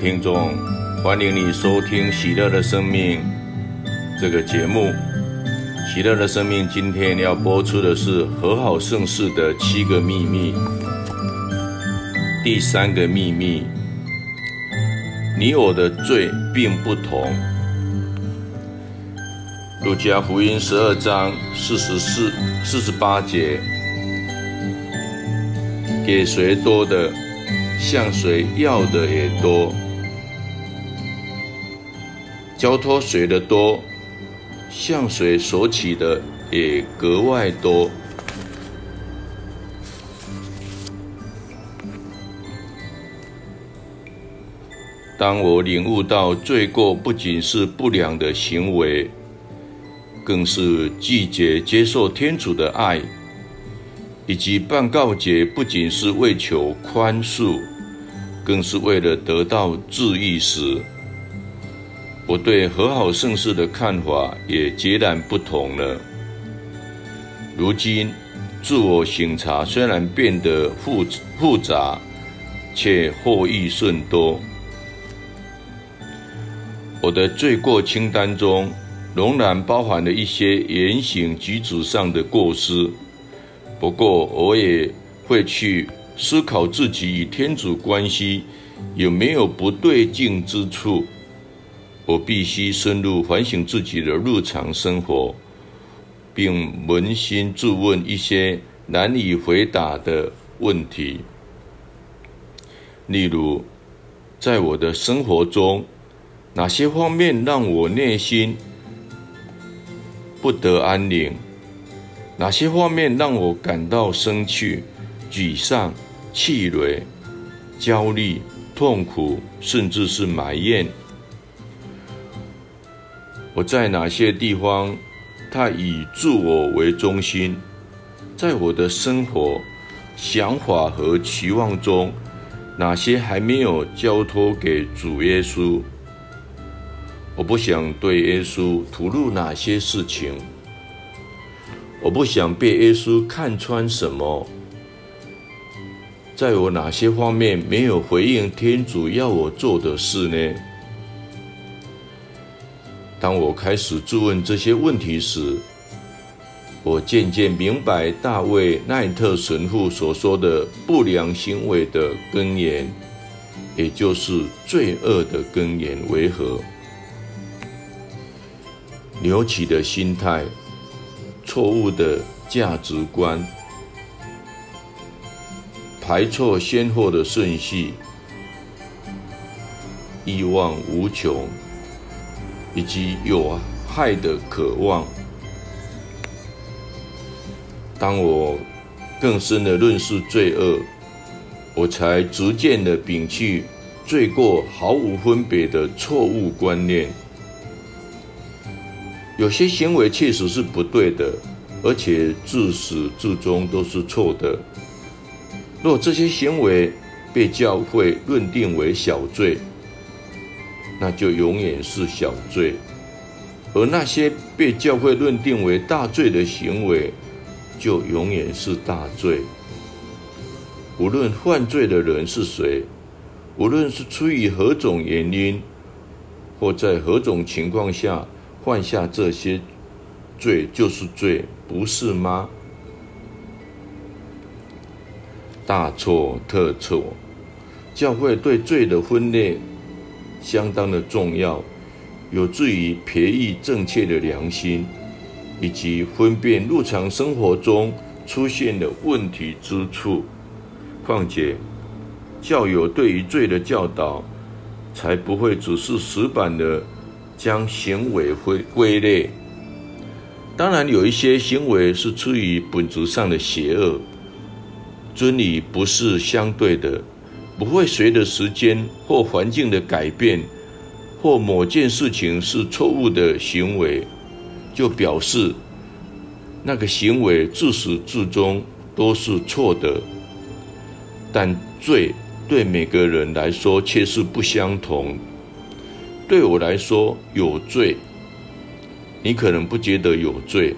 聽眾，歡迎你收聽喜樂的生命這個節目《喜樂的生命》這個節目。《喜樂的生命》今天要播出的是和好聖事的七個祕密，第三個祕密：你我的罪並不同。路加福音十二章四十四、四十八節：給誰多的，向誰要的也多。交託誰的多，向誰索取的也格外多。當我領悟到罪過不僅是不良的行為，更是拒絕接受天主的愛，以及辦告解不僅是為求寬恕，更是為了得到治癒時，我對和好聖事的看法也截然不同了。如今自我省察雖然變得複複雜，卻獲益甚多。我的罪過清單中仍然包含了一些言行舉止上的過失，不過我也會去思考自己與天主關係有沒有不對勁之處。我必須深入反省自己的日常生活，並捫心自問一些難以回答的問題。例如，在我的生活中，哪些方面讓我內心不得安寧？哪些方面讓我感到生氣、沮喪、氣餒、焦慮、痛苦，甚至是埋怨？我在哪些地方，太以自我為中心？在我的生活、想法和期望中，哪些還沒有交托給主耶穌？我不想對耶穌吐露哪些事情？我不想被耶穌看穿什麼？在我哪些方面沒有回應天主要我做的事呢？當我開始質問這些問題時，我漸漸明白大衛奈特神父所說的不良行為的根源，也就是罪惡的根源為何？扭曲的心態、錯誤的價值觀、排錯先後的順序、慾望無窮。以及有害的渴望。當我更深的認識罪惡，我才逐漸的摒棄罪過毫無分別的錯誤觀念。有些行為確實是不對的，而且自始至終都是錯的。若這些行為被教會認定為小罪，那就永遠是小罪，而那些被教會認定為大罪的行為，就永遠是大罪。無論犯罪的人是誰，無論是出於何種原因，或在何種情況下犯下這些罪，就是罪，不是嗎？大錯特錯！教會對罪的分類，相當的重要，有助於培育正確的良心，以及分辨日常生活中出現的問題之處。況且，教友對於罪的教導，才不會只是死板的將行為歸歸類。當然，有一些行為是出於本質上的邪惡，真理不是相對的。不會隨着時間或環境的改變，或某件事情是錯誤的行為，就表示那個行為自始至終都是錯的。但罪對每個人來說卻是不相同。對我來說有罪，你可能不覺得有罪。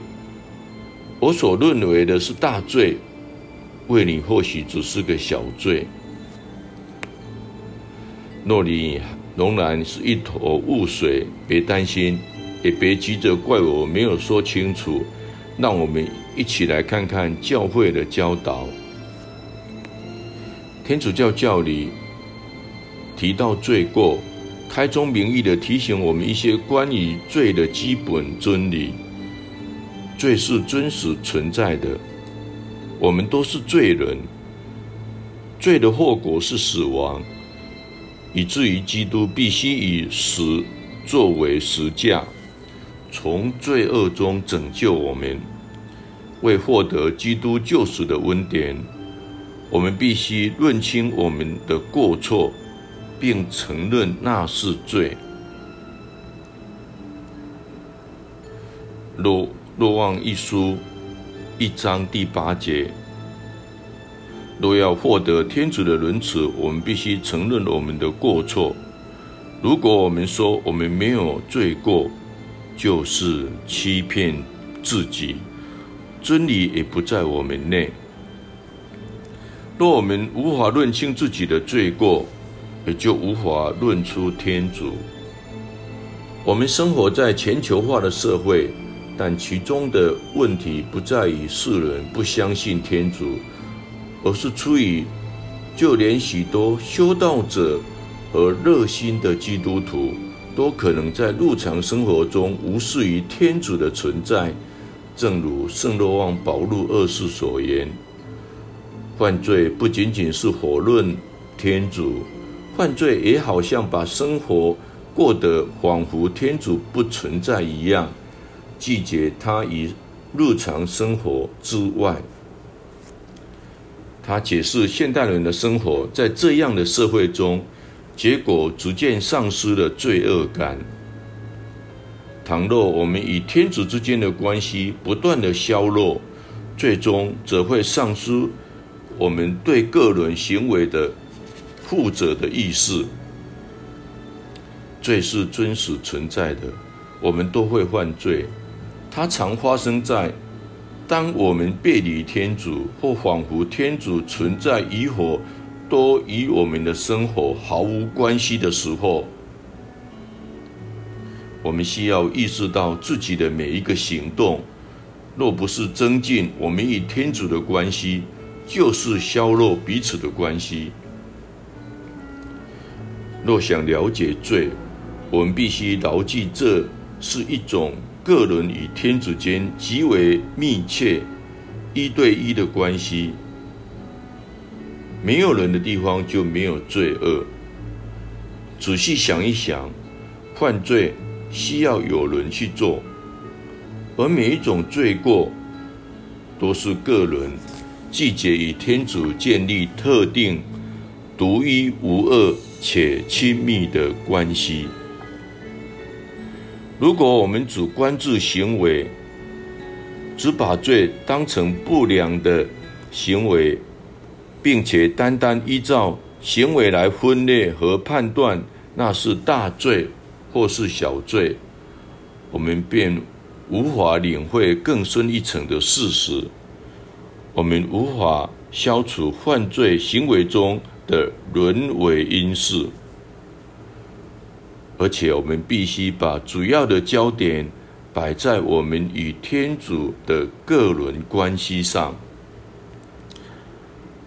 我所認為的是大罪，為你或許只是個小罪。若你仍然是一頭霧水，別擔心，也別急着怪我沒有說清楚。讓我們一起來看看教會的教導。天主教教理提到罪過，開宗明義的提醒我們一些關於罪的基本真理：罪是真實存在的，我們都是罪人，罪的後果是死亡。以至於基督必須以死作為贖價，從罪惡中拯救我們。為獲得基督救贖的恩典，我們必須認清我們的過錯，並承認那是罪。若若望一書一章第八節。都要獲得天主的仁慈，我們必須承認我們的過錯。如果我們說我們沒有罪過，就是欺騙自己，真理也不在我們內。若我們無法認清自己的罪過，也就無法認出天主。我們生活在全球化的社會，但其中的問題不在於世人不相信天主。而是出於，就連許多修道者和熱心的基督徒，都可能在日常生活中無視於天主的存在。正如聖若望保祿二世所言，犯罪不僅僅是否認天主，犯罪也好像把生活過得仿佛天主不存在一樣，拒絕他於日常生活之外。他解釋，現代人的生活在這樣的社會中，結果逐漸喪失了罪惡感。倘若我們與天主之間的關係不斷的削弱，最終則會喪失我們對個人行為的負責的意識。罪是真實存在的，我們都會犯罪，它常發生在，當我們背離天主，或仿佛天主存在與否，都與我們的生活毫無關係的時候，我們需要意識到自己的每一個行動，若不是增進我們與天主的關係，就是削弱彼此的關係。若想了解罪，我們必須牢記這。是一種個人與天主間極為密切、一對一的關係。沒有人的地方就沒有罪惡。仔細想一想，犯罪需要有人去做，而每一種罪過都是個人拒絕與天主建立特定、獨一無二且親密的關係。如果我們只關注行為，只把罪當成不良的行為，並且單單依照行為來分類和判斷那是大罪或是小罪，我們便無法領會更深一層的事實。我們無法消除犯罪行為中的人為因素。而且我們必須把主要的焦點擺在我們與天主的個人關係上。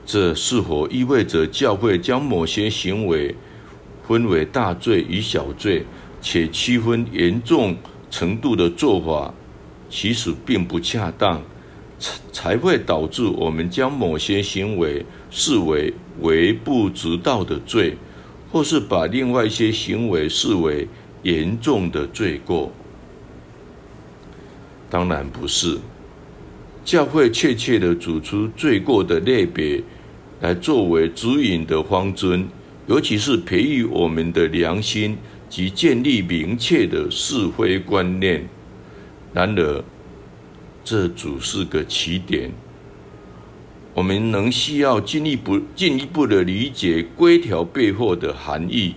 這是否意味着教會將某些行為分為大罪與小罪，且區分嚴重程度的做法，其實並不恰當，才才會導致我們將某些行為視為微不足道的罪。或是把另外一些行為視為嚴重的罪過，當然不是。教會確切的指出罪過的類別，來作為指引的方針，尤其是培育我們的良心及建立明確的是非觀念。然而，這只是個起點。我們仍需要進一步、進一步的理解規條背後的含義，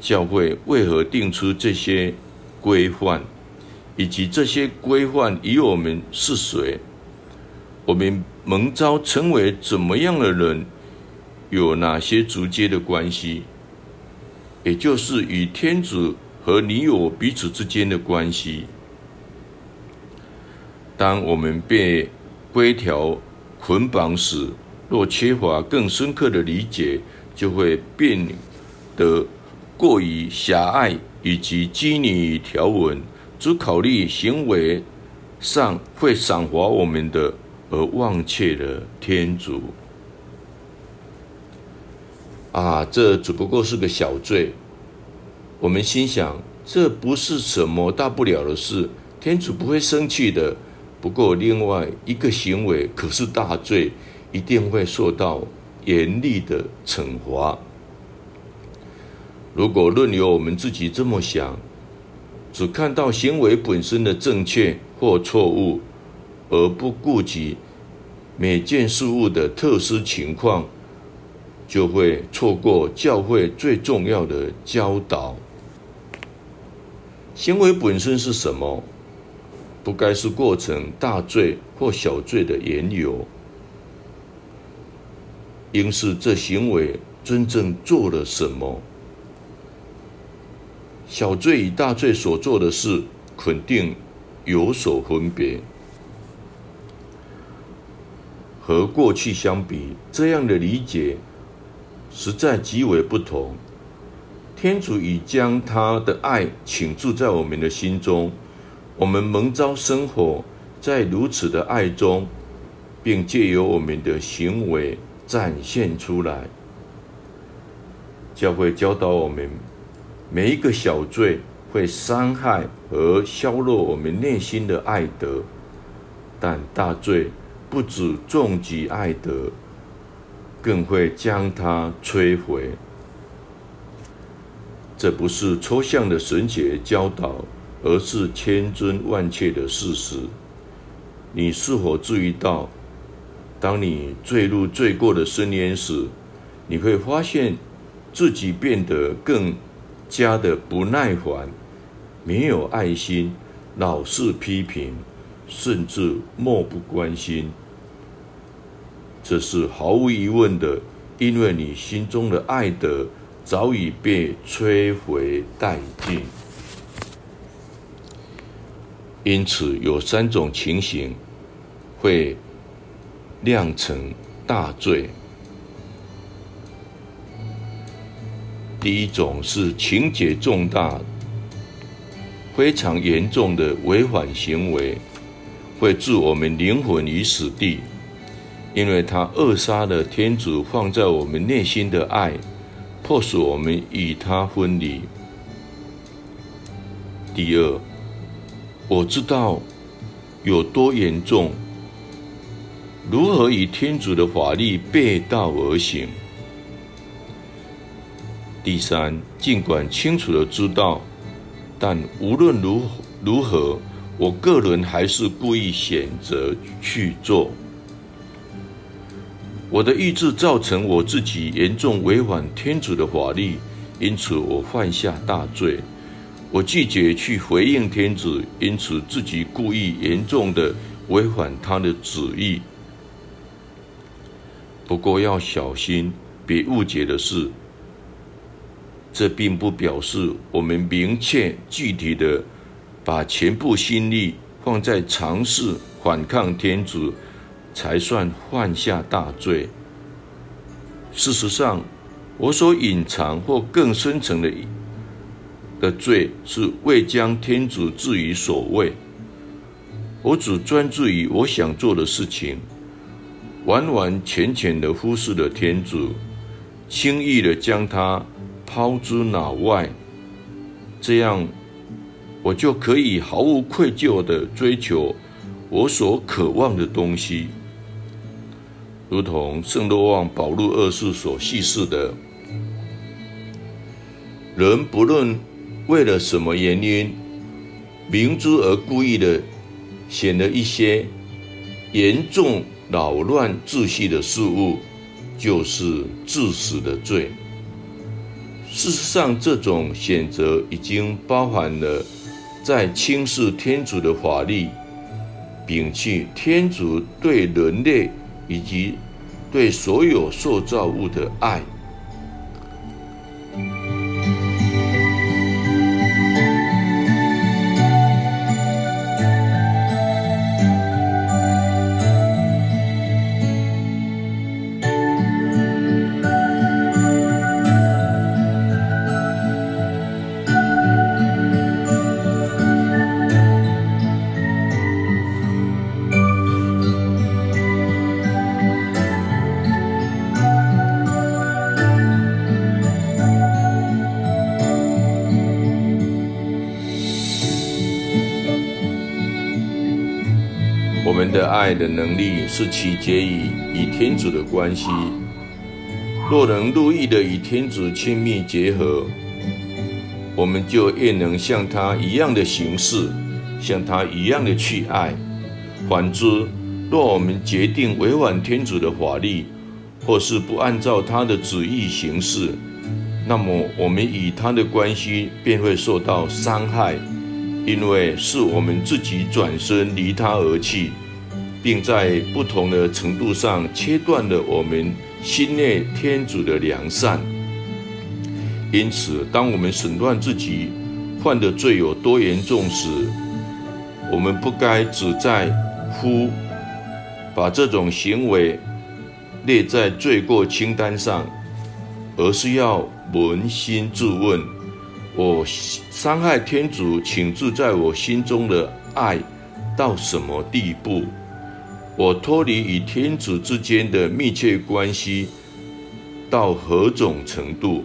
教會為何定出這些規範，以及這些規範與我們是誰，我們蒙召成為怎麼樣的人，有哪些直接的關係，也就是與天主和你我彼此之間的關係。當我們被規條捆綁時，若缺乏更深刻的理解，就會變得過於狹隘，以及拘泥於條文，只考慮行為上會賞罰我們的，而忘卻了天主。啊，這只不過是個小罪，我們心想，這不是什麼大不了的事，天主不會生氣的。不過，另外一個行為可是大罪，一定會受到嚴厲的懲罰。如果任由我們自己這麼想，只看到行為本身的正確或錯誤，而不顧及每件事物的特殊情況，就會錯過教會最重要的教導。行為本身是什麼？不該是過程大罪或小罪的緣由，應是這行為真正做了什麼？小罪與大罪所做的事，肯定有所分別。和過去相比，這樣的理解實在極為不同。天主已將他的愛傾注在我們的心中。我們蒙召生活在如此的愛中，並借由我們的行為展現出來。教會教導我們，每一個小罪會傷害和削弱我們內心的愛德，但大罪不止重擊愛德，更會將它摧毀。這不是抽象的神學教導。而是千真萬確的事實。你是否注意到，當你墜入罪過的深淵時，你會發現自己變得更加的不耐煩，沒有愛心，老是批評，甚至漠不關心。這是毫無疑問的，因為你心中的愛德早已被摧毀殆盡。因此，有三種情形會釀成大罪。第一種是情節重大、非常嚴重的違反行為，會置我們靈魂於死地，因為他扼殺了天主放在我們內心的愛，迫使我們與他分離。第二，我知道有多嚴重，如何與天主的法律背道而行。第三，儘管清楚的知道，但無論如何，我個人還是故意選擇去做。我的意志造成我自己嚴重違反天主的法律，因此我犯下大罪。我拒絕去回應天主，因此自己故意嚴重的違反他的旨意。不過要小心，別誤解的是，這並不表示我們明確具體的把全部心力放在嘗試反抗天主，才算犯下大罪。事實上，我所隱藏或更深層的。的罪是未將天主置於首位。我只專注於我想做的事情，完完全全的忽視了天主，輕易的將他拋之腦外。這樣，我就可以毫無愧疚地追求我所渴望的東西，如同聖若望保祿二世所啟示的：人不論。為了什麼原因，明知而故意的，選了一些嚴重擾亂秩序的事物，就是致死的罪。事實上，這種選擇已經包含了在輕視天主的法律，摒棄天主對人類以及對所有受造物的愛。的能力是取決於與天主的關係。若能樂意的與天主親密結合，我們就越能像他一樣的行事，像他一樣的去愛。反之，若我們決定違反天主的法律，或是不按照他的旨意行事，那麼我們與他的關係便會受到傷害，因為是我們自己轉身離他而去。並在不同的程度上切斷了我們心內天主的良善。因此，當我們判斷自己犯的罪有多嚴重時，我們不該只在乎把這種行為列在罪過清單上，而是要捫心自問：我傷害天主傾注在我心中的愛到什麼地步？我脫離與天主之間的密切關係到何種程度？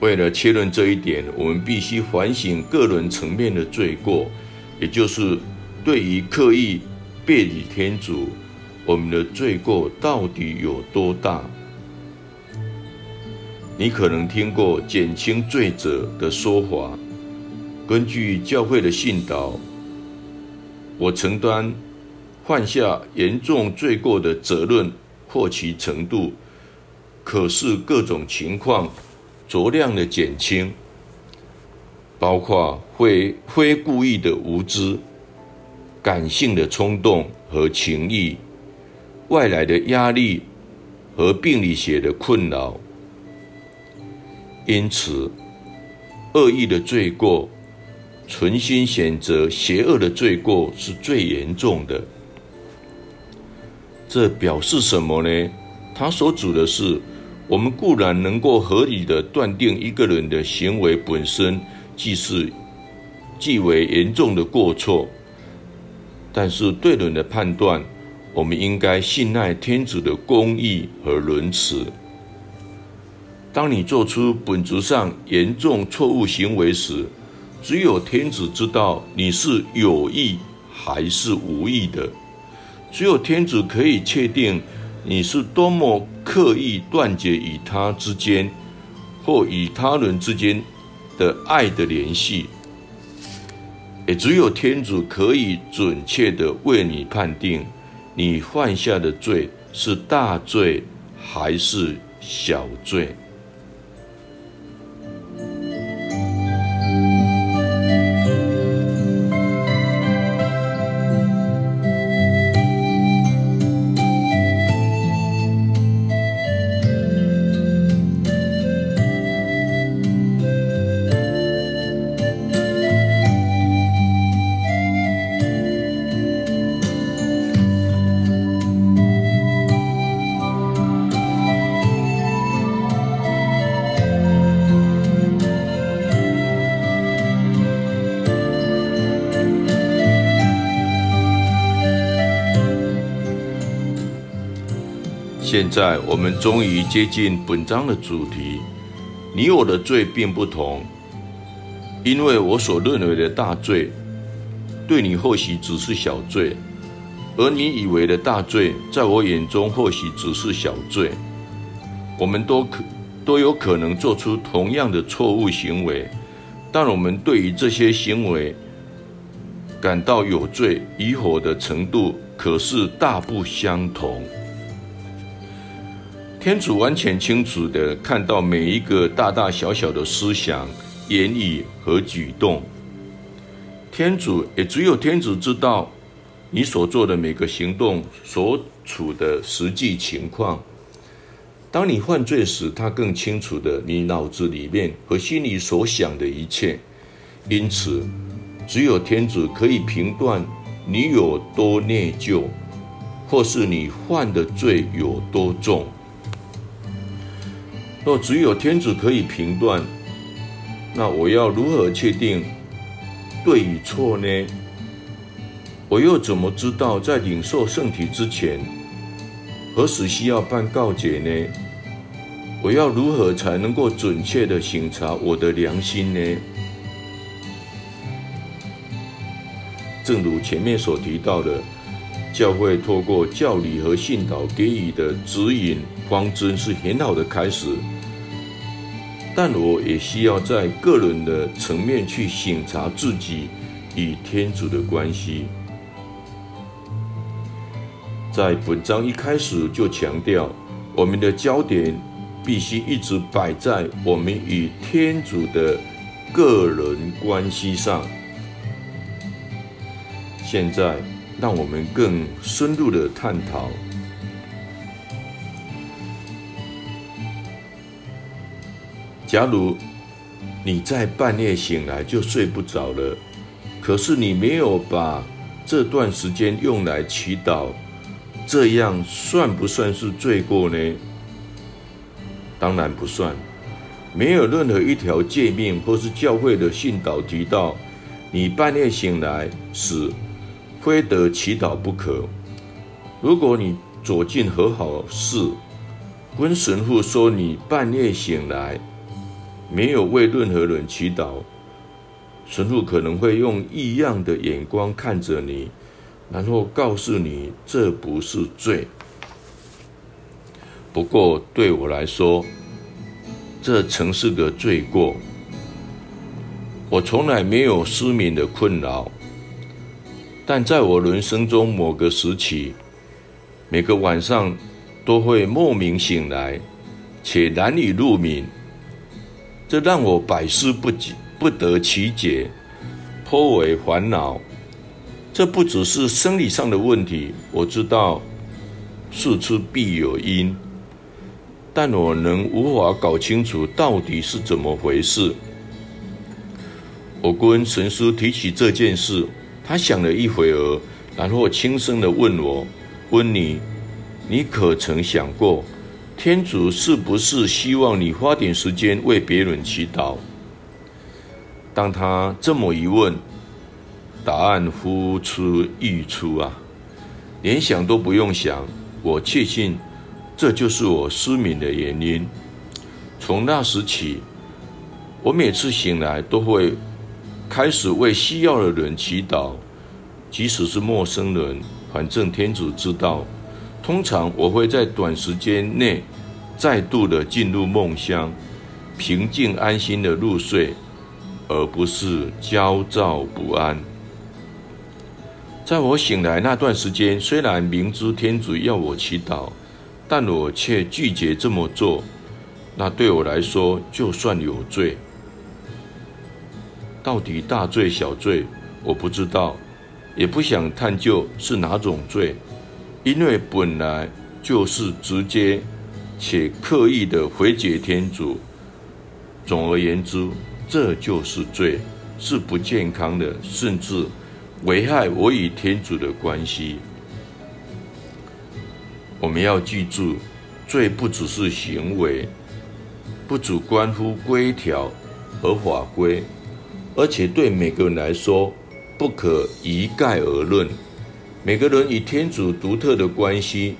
為了確認這一點，我們必須反省個人層面的罪過，也就是對於刻意背離天主，我們的罪過到底有多大？你可能聽過減輕罪責的說法。根據教會的訓導，我承擔。犯下嚴重罪過的責任或其程度，可視各種情況酌量的減輕，包括會非，非故意的無知、感性的衝動和情慾、外來的壓力和病理學的困擾。因此，惡意的罪過、存心選擇邪惡的罪過是最嚴重的。這表示什麼呢？他所指的是，我們固然能夠合理的斷定一個人的行為本身即是既為嚴重的過錯，但是對人的判斷，我們應該信賴天主的公義和仁慈。當你做出本質上嚴重錯誤行為時，只有天主知道你是有意還是無意的。只有天主可以確定你是多麼刻意斷絕與他之間或與他人之間的愛的聯繫，也只有天主可以準確地為你判定你犯下的罪是大罪還是小罪。在我們終於接近本章的主題，你我的罪並不同，因為我所認為的大罪，對你或許只是小罪，而你以為的大罪，在我眼中或許只是小罪。我們都可都有可能做出同樣的錯誤行為，但我們對於這些行為感到有罪與否的程度可是大不相同。天主完全清楚的看到每一個大大小小的思想、言語和舉動。天主也只有天主知道你所做的每個行動所處的實際情況。當你犯罪時，他更清楚的你腦子裡面和心裡所想的一切。因此，只有天主可以評斷你有多內疚，或是你犯的罪有多重。若只有天主可以評斷，那我要如何確定對與錯呢？我又怎麼知道在領受聖體之前，何時需要辦告解呢？我要如何才能夠準確的省察我的良心呢？正如前面所提到的。教會透過教理和訓導給予的指引方針是很好的開始，但我也需要在個人的層面去省察自己與天主的關係。在本章一開始就強調，我們的焦點必須一直擺在我們與天主的個人關係上。現在。讓我們更深入的探討。假如你在半夜醒來，就睡不着了，可是你沒有把這段時間用來祈禱，這樣算不算是罪過呢？當然不算。沒有任何一條誡命或是教會的訓導提到你半夜醒來是。非得祈禱不可。如果你走進和好室，跟神父說你半夜醒來，沒有為任何人祈禱，神父可能會用異樣的眼光看着你，然後告訴你這不是罪。不過對我來說，這曾是個罪過。我從來沒有失眠的困擾。但在我人生中某個時期，每個晚上都會莫名醒來，且難以入眠，這讓我百思不解、不得其解，頗為煩惱。這不只是生理上的問題，我知道事出必有因，但我仍無法搞清楚到底是怎麼回事。我跟神師提起這件事。他想了一會兒，然後輕聲地問我：“問你，你可曾想過，天主是不是希望你花點時間為別人祈禱？”當他這麼一問，答案呼之欲出啊！連想都不用想，我確信這就是我失眠的原因。從那時起，我每次醒來都會。開始為需要的人祈禱，即使是陌生人，反正天主知道。通常我會在短時間內再度的進入夢鄉，平靜安心的入睡，而不是焦躁不安。在我醒來那段時間，雖然明知天主要我祈禱，但我却拒絕這麼做，那對我來說就算有罪。到底大罪小罪，我不知道，也不想探究是哪種罪，因為本來就是直接且刻意的回絕天主。總而言之，這就是罪，是不健康的，甚至危害我與天主的關係。我們要記住，罪不只是行為，不只關乎規條和法規。而且對每個人來說，不可一概而論。每個人與天主獨特的關係，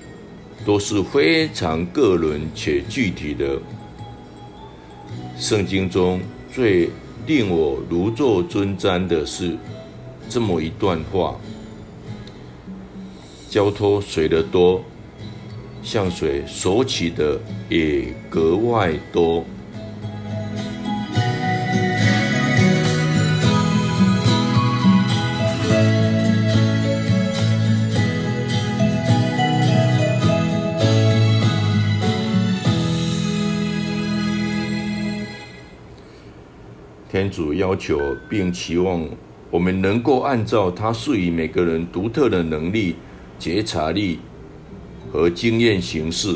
都是非常個人且具體的。聖經中最令我如坐針氈的是這麼一段話：交託誰的多，向誰索取的也格外多。主要求並期望我們能夠按照他賦予每個人獨特的能力、覺察力和經驗行事。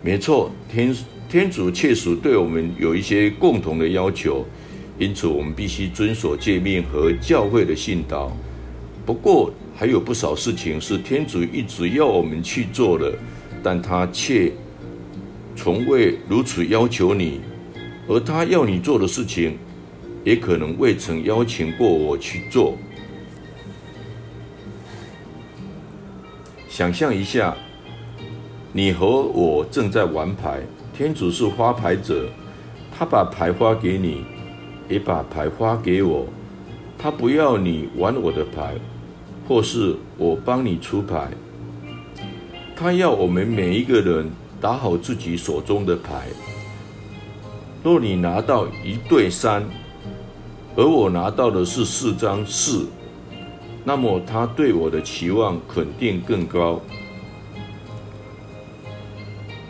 沒錯，天天主確實對我們有一些共同的要求，因此我們必須遵守誡命和教會的訓導。不過，還有不少事情是天主一直要我們去做的，但他卻從未如此要求你。而他要你做的事情，也可能未曾邀請過我去做。想象一下，你和我正在玩牌，天主是發牌者，他把牌發給你，也把牌發給我，他不要你玩我的牌，或是我幫你出牌，他要我們每一個人打好自己手中的牌。若你拿到一對三。而我拿到的是四張四，那麼他對我的期望肯定更高。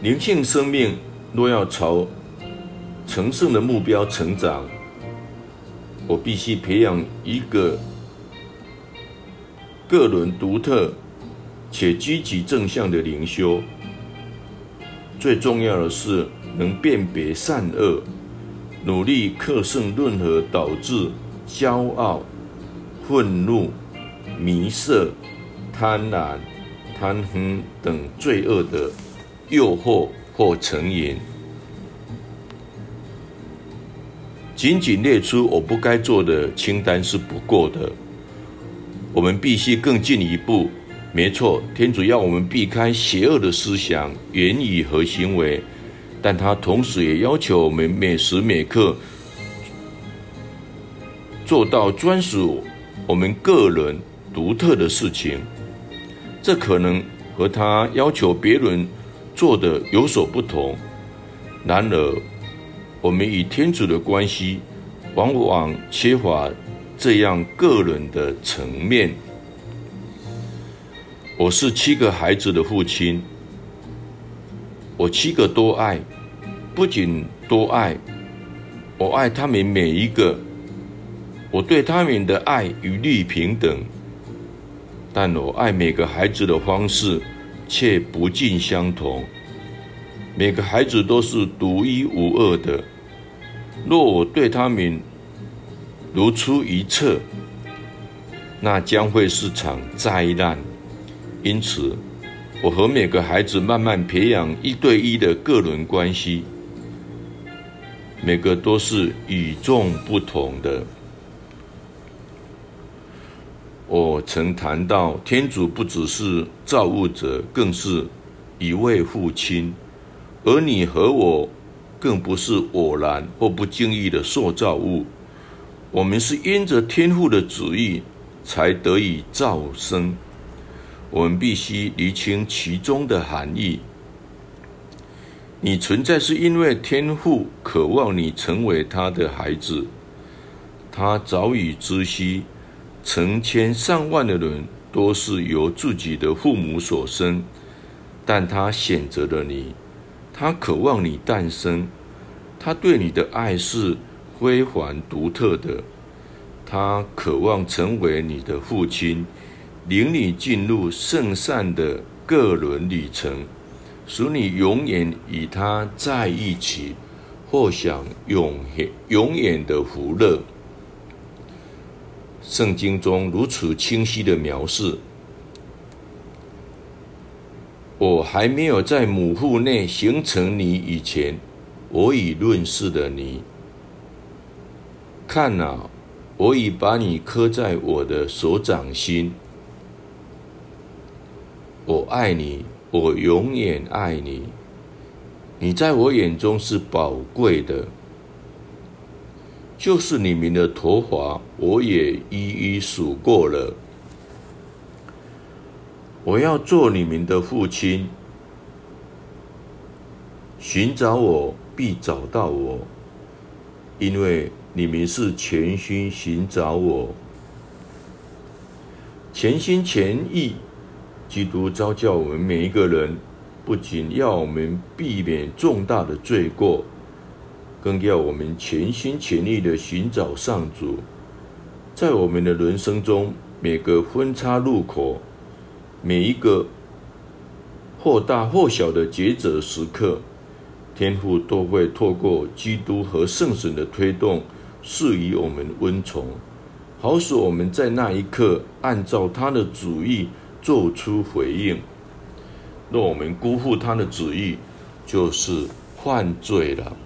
靈性生命若要朝成聖的目標成長，我必須培養一個個人獨特且積極正向的靈修。最重要的是能辨別善惡。努力克勝任何導致驕傲、憤怒、迷色、貪婪、貪橫等罪惡的誘惑或成癮。僅僅列出我不該做的清單是不夠的，我們必須更進一步。沒錯，天主要我們避開邪惡的思想、言語和行為。但他同時也要求我們每時每刻做到專屬我們個人獨特的事情，這可能和他要求別人做的有所不同。然而，我們與天主的關係往往缺乏這樣個人的層面。我是七個孩子的父親。我七個都愛，不僅都愛，我愛他們每一個，我對他們的愛一律平等，但我愛每個孩子的方式卻不盡相同，每個孩子都是獨一無二的。若我對他們如出一轍，那將會是場災難。因此，我和每個孩子慢慢培養一對一的個人關係，每個都是與眾不同的。我曾談到，天主不只是造物者，更是一位父親，而你和我更不是偶然或不經意的塑造物，我們是因着天父的旨意才得以造生。我們必須理清其中的含義。你存在是因為天父渴望你成為他的孩子，他早已知悉，成千上萬的人都是由自己的父母所生，但他選擇了你，他渴望你誕生，他對你的愛是非凡獨特的，他渴望成為你的父親。領你進入聖善的個人旅程，使你永遠與他在一起，或享永永遠的福樂。聖經中如此清晰的描述：我還沒有在母腹內形成你以前，我已認識了你。看啊，我已把你刻在我的手掌心。我愛你，我永遠愛你。你在我眼中是寶貴的，就是你們的頭髮，我也一一數過了。我要做你們的父親，尋找我必找到我，因為你們是全心尋找我，全心全意。基督召叫我們每一個人，不僅要我們避免重大的罪過，更要我們全心全意的尋找上主。在我們的人生中，每個分叉路口，每一個或大或小的抉擇時刻，天父都會透過基督和聖神的推動，賜予我們恩寵，好使我們在那一刻按照他的旨意。做出回應，若我們辜負他的旨意，就是犯罪了。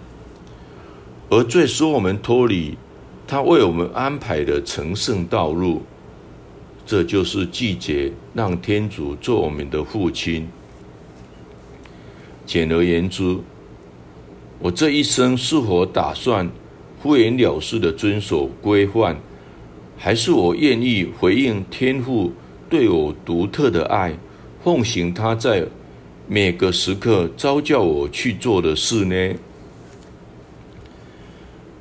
而最使我們脫離他為我們安排的成聖道路，這就是拒絕讓天主做我們的父親。簡而言之，我這一生是否打算敷衍了事的遵守規範，還是我願意回應天父？對我獨特的愛，奉行他在每個時刻召叫我去做的事呢？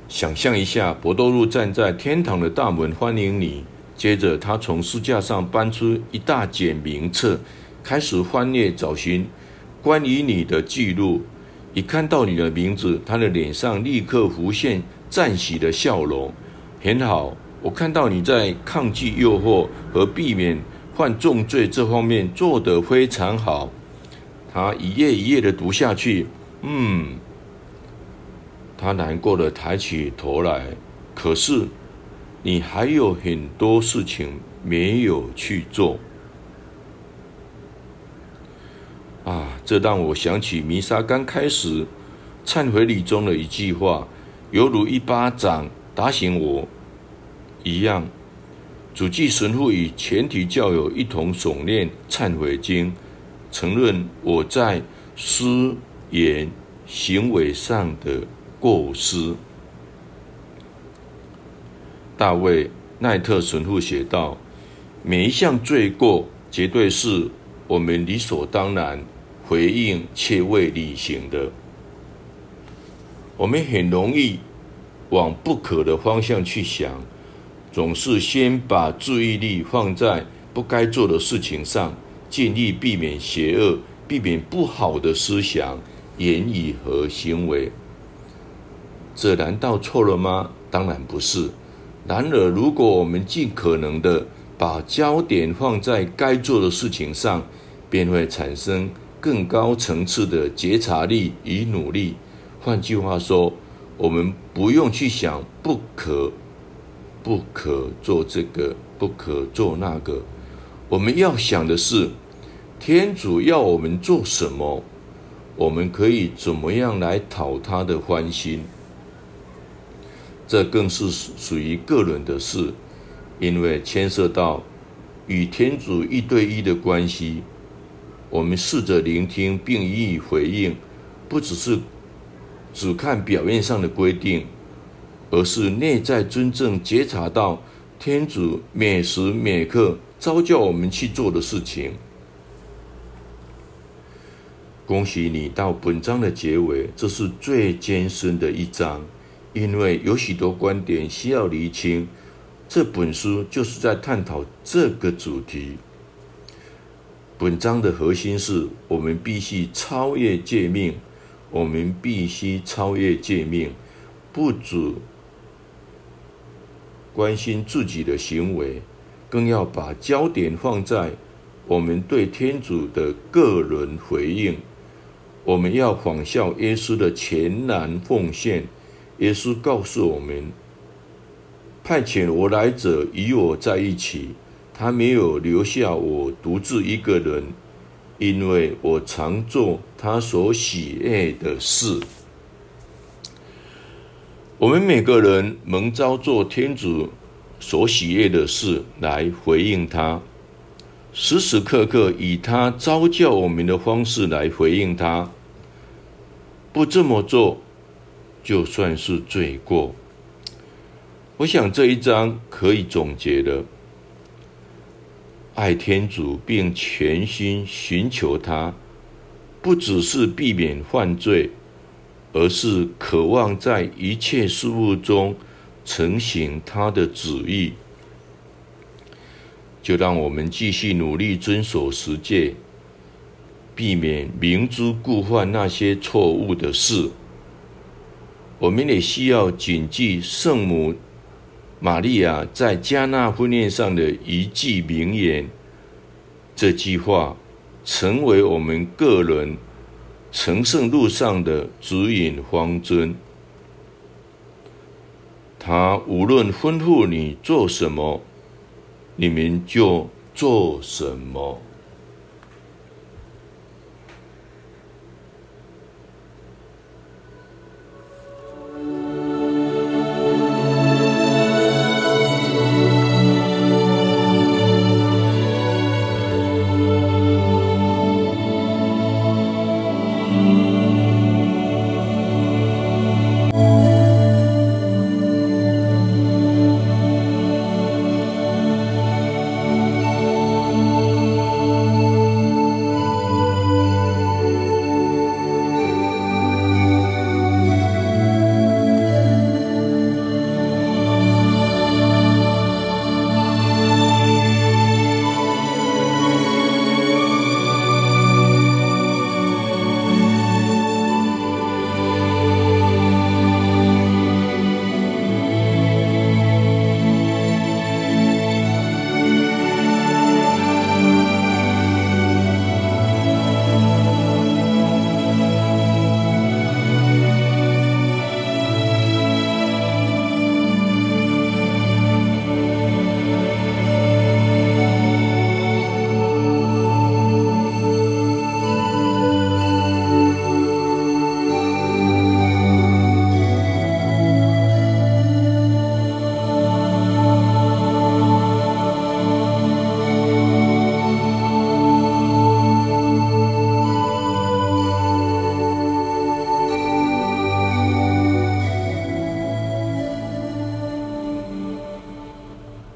想象一下，伯多祿站在天堂的大門歡迎你。接着，他從書架上搬出一大卷名冊，開始翻閱找尋關於你的記錄。一看到你的名字，他的臉上立刻浮現讚許的笑容。很好，我看到你在抗拒誘惑和避免。犯重罪這方面做得非常好。他一頁一頁的讀下去，嗯，他難過的抬起頭來。可是，你還有很多事情沒有去做啊！這讓我想起彌撒剛開始懺悔禮中的一句話，猶如一巴掌打醒我一樣。主祭神父與全體教友一同誦念懺悔經，承認我在思言、行為上的過失。大衛奈特神父寫道：“每一項罪過，絕對是我們理所當然回應且未履行的。我們很容易往不可的方向去想。”總是先把注意力放在不該做的事情上，盡力避免邪惡、避免不好的思想、言語和行為。這難道錯了嗎？當然不是。然而，如果我們盡可能的把焦點放在該做的事情上，便會產生更高層次的覺察力與努力。換句話說，我們不用去想不可。不可做這個，不可做那個。我們要想的是，天主要我們做什麼，我們可以怎麼樣來討他的歡心。這更是屬於個人的事，因為牽涉到與天主一對一的關係。我們試着聆聽並予以回應，不只是只看表面上的規定。而是內在真正覺察到天主每時每刻召叫我們去做的事情。恭喜你到本章的結尾，這是最艱深的一章，因為有許多觀點需要釐清。這本書就是在探討這個主題。本章的核心是我們必須超越誡命，我們必須超越誡命，不止，關心自己的行為，更要把焦點放在我們對天主的個人回應。我們要仿效耶穌的全然奉獻。耶穌告訴我們：“派遣我來者與我在一起，他沒有留下我獨自一個人，因為我常做他所喜愛的事。”我們每個人蒙召做天主所喜悅的事來回應他，時時刻刻以他召叫我們的方式來回應他，不這麼做就算是罪過。我想這一章可以總結的。愛天主並全心尋求他，不只是避免犯罪。而是渴望在一切事物中承行他的旨意，就讓我們繼續努力遵守十誡，避免明知故犯那些錯誤的事。我們也需要謹記聖母瑪利亞在迦拿婚宴上的一句名言，這句話成為我們個人成聖路上的指引方針，他無論吩咐你做什麼，你們就做什麼。